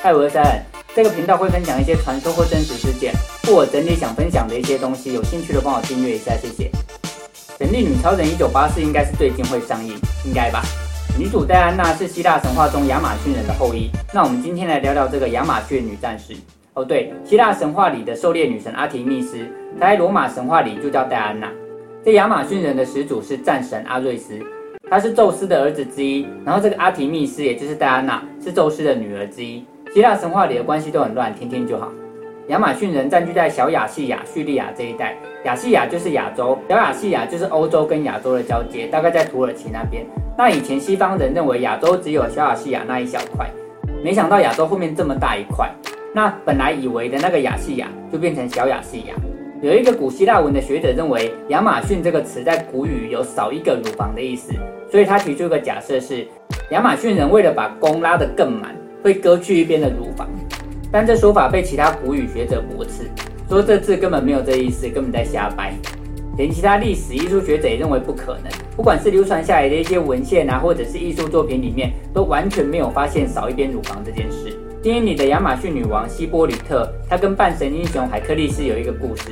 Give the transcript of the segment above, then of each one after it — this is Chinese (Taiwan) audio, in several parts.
嗨，我是塞恩，這個頻道會分享一些傳說或真實事件，或我整理想分享的一些東西。有興趣的幫我訂閱一下，謝謝。《神力女超人》一九八四應該是最近會上映，應該吧？女主戴安娜是希臘神話中亞馬遜人的後裔。那我們今天來聊聊這個亞馬遜女戰士。哦，對，希臘神話裡的狩獵女神阿提密斯，她在羅馬神話裡就叫戴安娜。這亞馬遜人的始祖是戰神阿瑞斯，他是宙斯的兒子之一。然後這個阿提密斯，也就是戴安娜，是宙斯的女兒之一。希臘神話裡的關係都很亂，聽聽就好。亞馬遜人占據在小亞細亞敘利亞這一帶，亞細亞就是亞洲，小亞細亞就是歐洲跟亞洲的交界，大概在土耳其那邊。那以前西方人認為亞洲只有小亞細亞那一小塊，沒想到亞洲後面這麼大一塊。那本來以為的那個亞細亞就變成小亞細亞。有一個古希臘文的學者認為，亞馬遜這個詞在古語有少一個乳房的意思，所以他提出一個假設是，亞馬遜人為了把弓拉得更滿。會割去一邊的乳房，但這說法被其他古語學者駁斥，說這字根本沒有這意思，根本在瞎掰。連其他歷史藝術學者也認為不可能，不管是流傳下來的一些文獻啊，或者是藝術作品裡面，都完全沒有發現少一邊乳房這件事。電影裡的亞馬遜女王希波呂特，她跟半神英雄海克利斯有一個故事。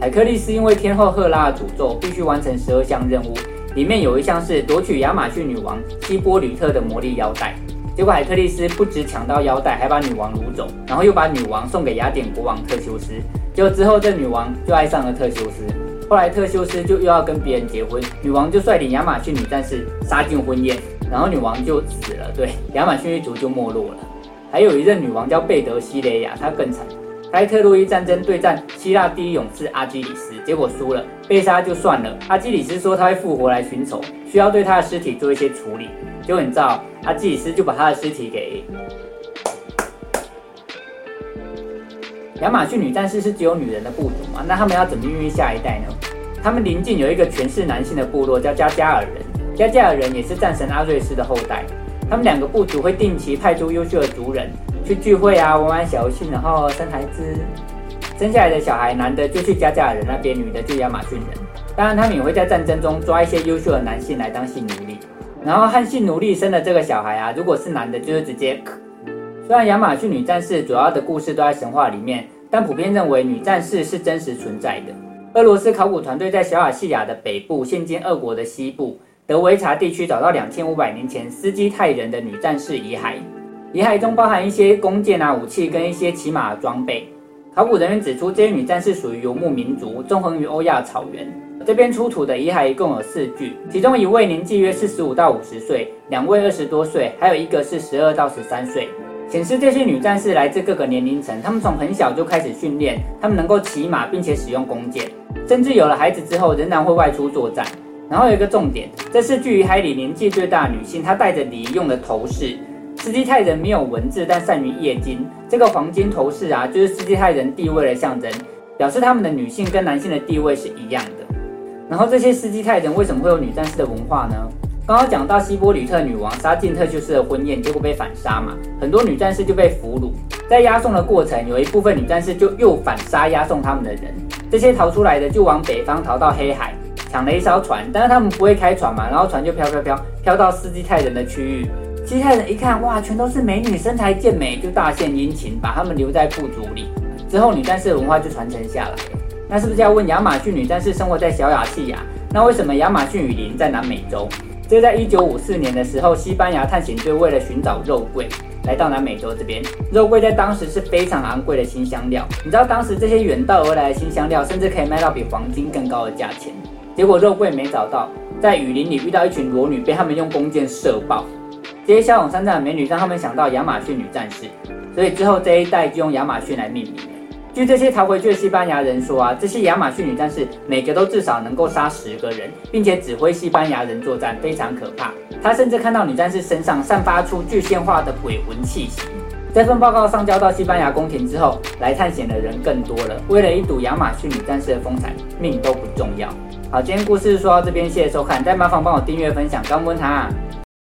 海克利斯因為天後赫拉的詛咒，必須完成十二項任務，裡面有一項是奪取亞馬遜女王希波呂特的魔力腰帶。結果海克力斯不只搶到腰帶，還把女王擄走，然後又把女王送給雅典國王特修斯。結果之後這女王就愛上了特修斯，後來特修斯就又要跟別人結婚，女王就率領亞馬遜女戰士殺進婚宴，然後女王就死了，對，亞馬遜一族就沒落了。還有一任女王叫貝德西雷亞，她更慘。在特洛伊戰爭對戰希臘第一勇士阿基里斯，結果輸了被殺就算了。阿基里斯說他會復活來尋仇，需要對他的屍體做一些處理。就很糟，阿基里斯就把他的屍體給亞 馬遜女戰士是只有女人的部族嘛？那他們要怎麼孕育下一代呢？他們臨近有一個全是男性的部落叫加加爾人，加加爾人也是戰神阿瑞斯的後代。他們兩個部族會定期派出優秀的族人。去聚會啊，玩玩小遊戲，然後生孩子。生下來的小孩，男的就去加加爾人那邊，啊、女的就亞馬遜人。當然，他們也會在戰爭中抓一些優秀的男性來當性奴隸。然後和性奴隸生的這個小孩啊，如果是男的，就是直接咳。雖然亞馬遜女戰士主要的故事都在神話裡面，但普遍認為女戰士是真實存在的。俄羅斯考古團隊在小亞細亞的北部，現今俄國的西部德維察地區，找到兩千五百年前斯基泰人的女戰士遺骸。遺骸中包含一些弓箭啊、武器跟一些騎馬的裝備。考古人員指出，這些女戰士屬於游牧民族，縱橫於歐亞草原。這邊出土的遺骸一共有四具，其中一位年紀約四十五到五十歲，兩位二十多歲，還有一個是十二到十三歲。顯示這些女戰士來自各個年齡層，她們從很小就開始訓練，她們能夠騎馬並且使用弓箭，甚至有了孩子之後仍然會外出作戰。然後有一個重點，這四具遺骸裡年紀最大的女性，她戴着禮儀用的頭飾。斯基泰人沒有文字，但善於冶金。這個黃金頭飾啊，就是斯基泰人地位的象徵，表示他們的女性跟男性的地位是一樣的。然後這些斯基泰人為什麼會有女戰士的文化呢？剛剛講到希波呂特女王殺進特修斯的婚宴，結果被反殺嘛，很多女戰士就被俘虜，在押送的過程，有一部分女戰士就又反殺押送他們的人。這些逃出來的就往北方逃到黑海，搶了一艘船，但是他們不會開船嘛，然後船就飄飄飄飄到斯基泰人的區域。接下來一看，哇，全都是美女，身材健美，就大獻殷勤，把她們留在部族裡。之後女戰士的文化就傳承下來。那是不是要問亞馬遜女戰士生活在小亞細亞？那為什麼亞馬遜雨林在南美洲？這在一九五四年的時候，西班牙探險隊為了尋找肉桂，來到南美洲這邊。肉桂在當時是非常昂貴的辛香料。你知道當時這些遠道而來的辛香料，甚至可以賣到比黃金更高的價錢。結果肉桂沒找到，在雨林裡遇到一群裸女，被他們用弓箭射爆。這些驍勇善戰的美女讓他們想到亞馬遜女戰士，所以之後這一帶就用亞馬遜來命名。據這些逃回去的西班牙人說啊，這些亞馬遜女戰士每個都至少能夠殺十個人，並且指揮西班牙人作戰，非常可怕。他甚至看到女戰士身上散發出具現化的鬼魂氣息。這份報告上交到西班牙宮廷之後，來探險的人更多了，為了一睹亞馬遜女戰士的風采，命都不重要。好，今天故事說到這邊，謝謝收看，再麻煩幫我訂閱、分享、關注他。